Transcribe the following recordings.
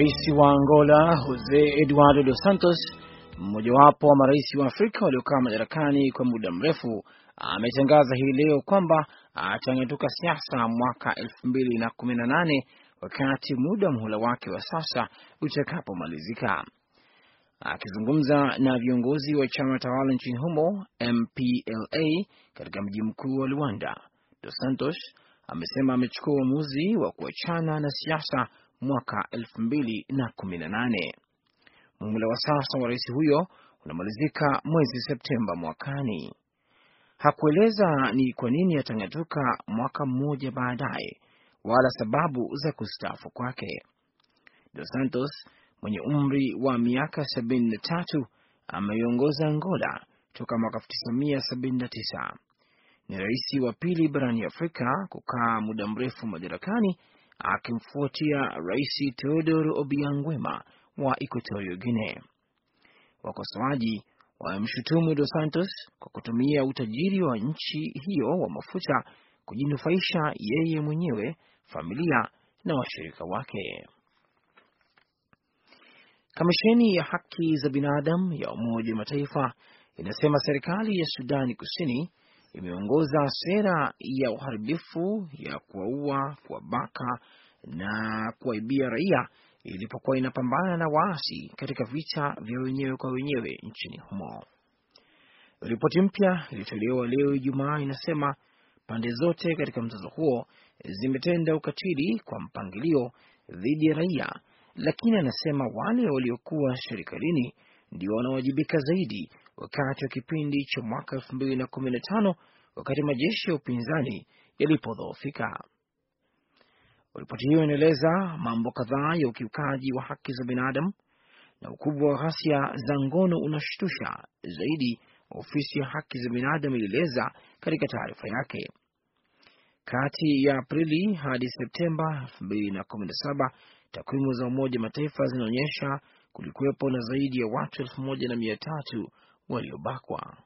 Rais wa Angola Jose Eduardo Dos Santos, mmojawapo wa marais wa Afrika waliokaa madarakani kwa muda mrefu, ametangaza hii leo kwamba atang'atuka siasa mwaka 2018 wakati muda wa muhula wake wa sasa utakapomalizika. Akizungumza na viongozi wa chama tawala nchini humo MPLA katika mji mkuu wa Luanda, Dos Santos amesema amechukua uamuzi wa kuachana na siasa mwaka 2018. Muhula wa sasa wa rais huyo unamalizika mwezi Septemba mwakani. Hakueleza ni kwa nini atang'atuka mwaka mmoja baadaye wala sababu za kustaafu kwake. Dos Santos mwenye umri wa miaka 73 ameiongoza Angola toka mwaka 1979. Ni rais wa pili barani Afrika kukaa muda mrefu madarakani akimfuatia Rais Teodoro Obiangwema wa Equatorio guine Wakosoaji wamemshutumu Dos Santos kwa kutumia utajiri wa nchi hiyo wa mafuta kujinufaisha yeye mwenyewe, familia na washirika wake. Kamisheni ya haki za binadamu ya Umoja wa Mataifa inasema serikali ya Sudani Kusini imeongoza sera ya uharibifu ya kuwaua, kuwabaka na kuwaibia raia ilipokuwa inapambana na waasi katika vita vya wenyewe kwa wenyewe nchini humo. Ripoti mpya iliyotolewa leo Ijumaa inasema pande zote katika mzozo huo zimetenda ukatili kwa mpangilio dhidi ya raia, lakini anasema wale waliokuwa serikalini ndio wanaowajibika zaidi wakati wa kipindi cha mwaka 2015 wakati majeshi ya upinzani yalipodhoofika. Ripoti hiyo inaeleza mambo kadhaa ya ukiukaji wa haki za binadamu na ukubwa wa ghasia za ngono unashtusha zaidi, ofisi ya haki za binadamu ilieleza katika taarifa yake. Kati ya Aprili hadi Septemba 2017 takwimu za Umoja Mataifa zinaonyesha kulikuwepo na zaidi ya watu elfu moja na mia tatu waliobakwa.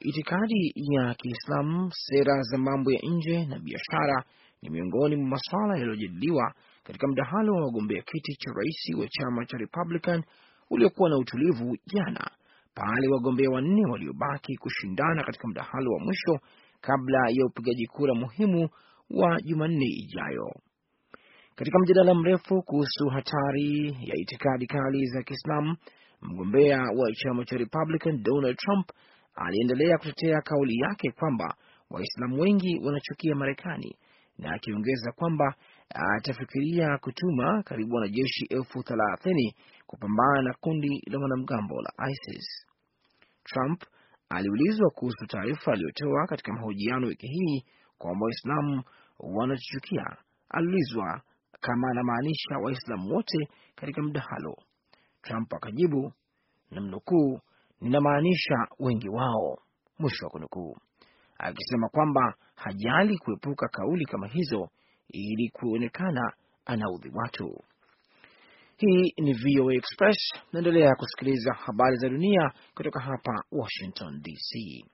Itikadi ya Kiislamu, sera za mambo ya nje na biashara ni miongoni mwa masuala yaliyojadiliwa katika mdahalo wa wagombea kiti cha rais wa chama cha Republican uliokuwa na utulivu jana, pale wagombea wanne waliobaki kushindana katika mdahalo wa mwisho kabla ya upigaji kura muhimu wa Jumanne ijayo. Katika mjadala mrefu kuhusu hatari ya itikadi kali za Kiislamu, mgombea wa chama cha Republican Donald Trump aliendelea kutetea kauli yake kwamba Waislamu wengi wanachukia Marekani na akiongeza kwamba atafikiria kutuma karibu wanajeshi elfu thelathini kupambana na kundi la wanamgambo la ISIS. Trump aliulizwa kuhusu taarifa aliyotoa katika mahojiano wiki hii kwamba Waislamu wanachukia. Aliulizwa kama anamaanisha Waislamu wote katika mdahalo. Trump akajibu namnukuu, ninamaanisha wengi wao, mwisho wa kunukuu, akisema kwamba hajali kuepuka kauli kama hizo ili kuonekana anaudhi watu. Hii ni VOA Express, naendelea kusikiliza habari za dunia kutoka hapa Washington DC.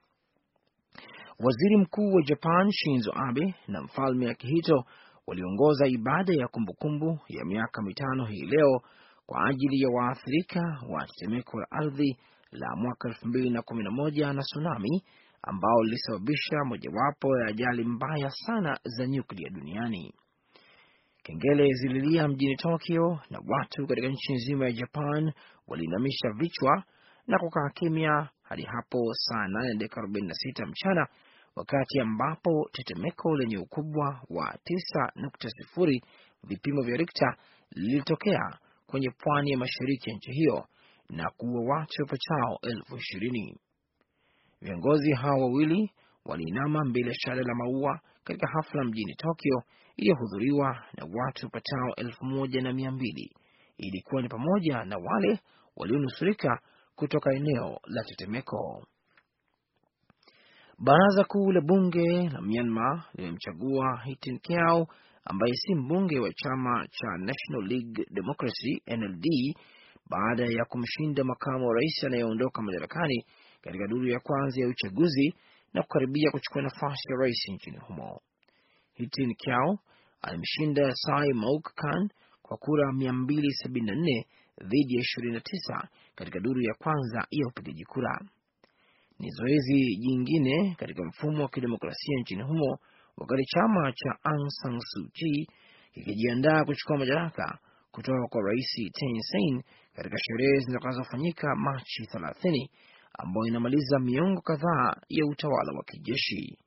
Waziri Mkuu wa Japan Shinzo Abe na mfalme Akihito waliongoza ibada ya kumbukumbu ya miaka mitano hii leo kwa ajili ya waathirika wa tetemeko la ardhi la mwaka mbili na, na tsunami ambao lilisababisha mojawapo ya ajali mbaya sana za nyuklia duniani. Kengele zililia mjini Tokyo na watu katika nchi nzima ya Japan waliinamisha vichwa na kukaa kimya hadi hapo saa 8:46 mchana wakati ambapo tetemeko lenye ukubwa wa 9.0 vipimo vya Rikta lilitokea kwenye pwani ya mashariki ya nchi hiyo na kuua watu wapatao elfu ishirini. Viongozi hao wawili waliinama mbele ya shada la maua katika hafla mjini Tokyo iliyohudhuriwa na watu wapatao elfu moja na mia mbili. Ilikuwa ni pamoja na wale walionusurika kutoka eneo la tetemeko. Baraza kuu la bunge la Myanmar limemchagua Hitin Kyaw ambaye si mbunge wa chama cha National League Democracy NLD baada ya kumshinda makamu wa rais anayeondoka madarakani katika duru ya kwanza ya uchaguzi na kukaribia kuchukua nafasi ya rais nchini humo. Hitin Kyaw alimshinda Sai Mauk Khan kwa kura 274 dhidi ya 29 katika duru ya kwanza ya upigaji kura ni zoezi jingine katika mfumo wa kidemokrasia nchini humo, wakati chama cha Aung San Suu Kyi kikijiandaa kuchukua madaraka kutoka kwa Rais Thein Sein katika sherehe zitakazofanyika Machi 30 ambayo inamaliza miongo kadhaa ya utawala wa kijeshi.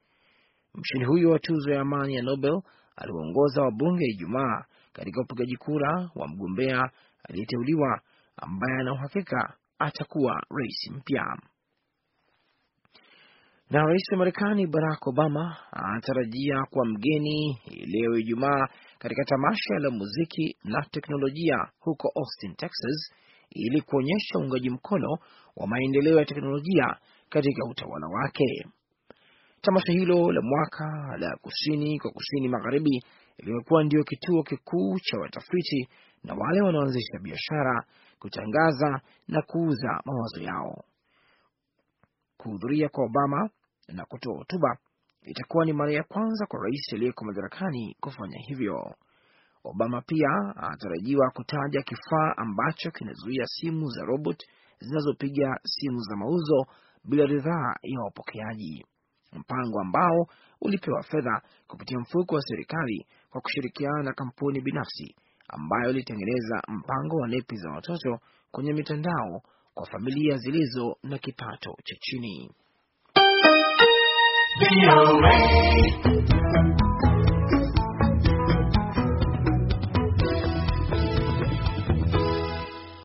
Mshindi huyo wa tuzo ya amani ya Nobel aliwaongoza wabunge Ijumaa katika upigaji kura wa mgombea aliyeteuliwa ambaye ana uhakika atakuwa rais mpya. Na rais wa Marekani Barack Obama anatarajia kuwa mgeni leo Ijumaa katika tamasha la muziki na teknolojia huko Austin, Texas, ili kuonyesha uungaji mkono wa maendeleo ya teknolojia katika utawala wake. Tamasha hilo la mwaka la kusini kwa kusini magharibi limekuwa ndio kituo kikuu cha watafiti na wale wanaoanzisha biashara kutangaza na kuuza mawazo yao. Kuhudhuria kwa Obama na kutoa hotuba, itakuwa ni mara ya kwanza kwa rais aliyeko madarakani kufanya hivyo. Obama pia anatarajiwa kutaja kifaa ambacho kinazuia simu za robot zinazopiga simu za mauzo bila ridhaa ya wapokeaji, mpango ambao ulipewa fedha kupitia mfuko wa serikali kwa kushirikiana na kampuni binafsi ambayo ilitengeneza mpango wa nepi za watoto kwenye mitandao kwa familia zilizo na kipato cha chini. VOA.